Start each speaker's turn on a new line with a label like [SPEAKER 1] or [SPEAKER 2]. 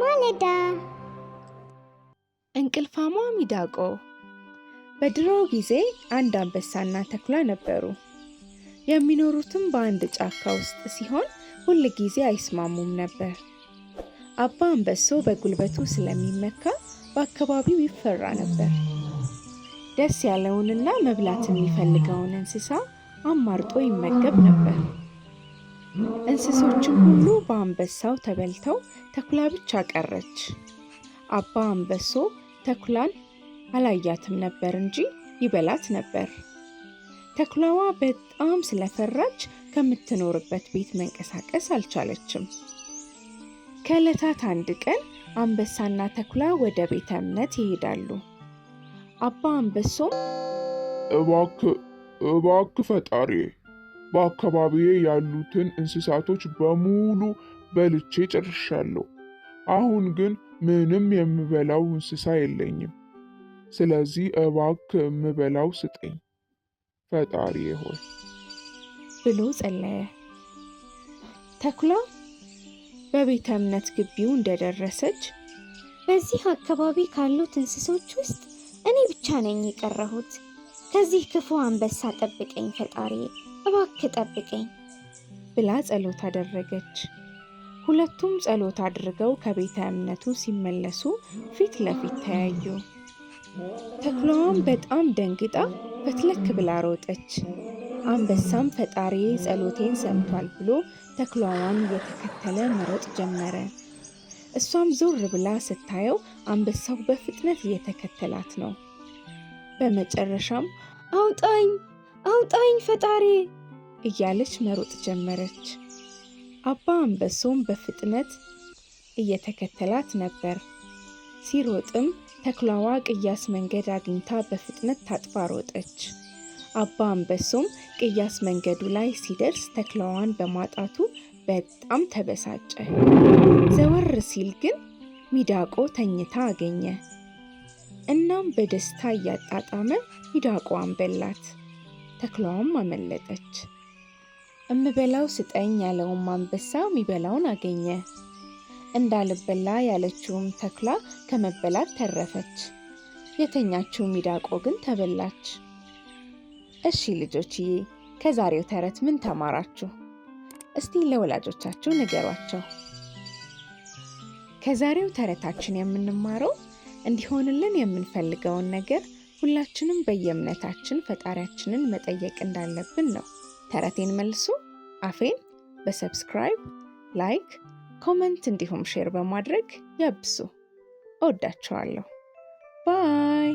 [SPEAKER 1] ማለዳ
[SPEAKER 2] እንቅልፋሟ ሚዳቆ። በድሮ ጊዜ አንድ አንበሳና ተኩላ ነበሩ። የሚኖሩትም በአንድ ጫካ ውስጥ ሲሆን ሁል ጊዜ አይስማሙም ነበር። አባ አንበሶ በጉልበቱ ስለሚመካ በአካባቢው ይፈራ ነበር። ደስ ያለውንና መብላት የሚፈልገውን እንስሳ አማርጦ ይመገብ ነበር። እንስሶችም ሁሉ በአንበሳው ተበልተው ተኩላ ብቻ ቀረች። አባ አንበሶ ተኩላን አላያትም ነበር እንጂ ይበላት ነበር። ተኩላዋ በጣም ስለፈራች ከምትኖርበት ቤት መንቀሳቀስ አልቻለችም። ከዕለታት አንድ ቀን አንበሳና ተኩላ ወደ ቤተ እምነት ይሄዳሉ። አባ አንበሶም
[SPEAKER 3] እባክ እባክ ፈጣሪ በአካባቢዬ ያሉትን እንስሳቶች በሙሉ በልቼ ጨርሻለሁ። አሁን ግን ምንም የምበላው እንስሳ የለኝም። ስለዚህ እባክ የምበላው ስጠኝ ፈጣሪ ሆይ
[SPEAKER 2] ብሎ ጸለየ። ተኩላ በቤተ እምነት ግቢው እንደደረሰች
[SPEAKER 1] በዚህ አካባቢ ካሉት እንስሶች ውስጥ እኔ ብቻ ነኝ የቀረሁት። ከዚህ ክፉ አንበሳ ጠብቀኝ ፈጣሪ እባክህ ጠብቀኝ
[SPEAKER 2] ብላ ጸሎት አደረገች። ሁለቱም ጸሎት አድርገው ከቤተ እምነቱ ሲመለሱ ፊት ለፊት ተያዩ። ተኩላዋም በጣም ደንግጣ በትለክ ብላ ሮጠች። አንበሳም ፈጣሪ ጸሎቴን ሰምቷል ብሎ ተኩላዋን እየተከተለ መሮጥ ጀመረ። እሷም ዞር ብላ ስታየው አንበሳው በፍጥነት እየተከተላት ነው። በመጨረሻም
[SPEAKER 1] አውጣኝ አውጣኝ ፈጣሪ
[SPEAKER 2] እያለች መሮጥ ጀመረች። አባ አንበሶም በፍጥነት እየተከተላት ነበር። ሲሮጥም ተኩላዋ ቅያስ መንገድ አግኝታ በፍጥነት ታጥፋ ሮጠች። አባ አንበሶም ቅያስ መንገዱ ላይ ሲደርስ ተኩላዋን በማጣቱ በጣም ተበሳጨ። ዘወር ሲል ግን ሚዳቆ ተኝታ አገኘ። እናም በደስታ እያጣጣመ ሚዳቆዋን በላት። ተኩላዋም አመለጠች። እምበላው ስጠኝ ያለውም አንበሳ የሚበላውን አገኘ። እንዳልበላ ያለችውም ተኩላ ከመበላት ተረፈች። የተኛችው ሚዳቆ ግን ተበላች። እሺ ልጆችዬ፣ ከዛሬው ተረት ምን ተማራችሁ? እስቲ ለወላጆቻችሁ ንገሯቸው። ከዛሬው ተረታችን የምንማረው እንዲሆንልን የምንፈልገውን ነገር ሁላችንም በየእምነታችን ፈጣሪያችንን መጠየቅ እንዳለብን ነው። ተረቴን መልሱ አፌን በሰብስክራይብ ላይክ፣ ኮመንት እንዲሁም ሼር በማድረግ ያብሱ። እወዳችኋለሁ። ባይ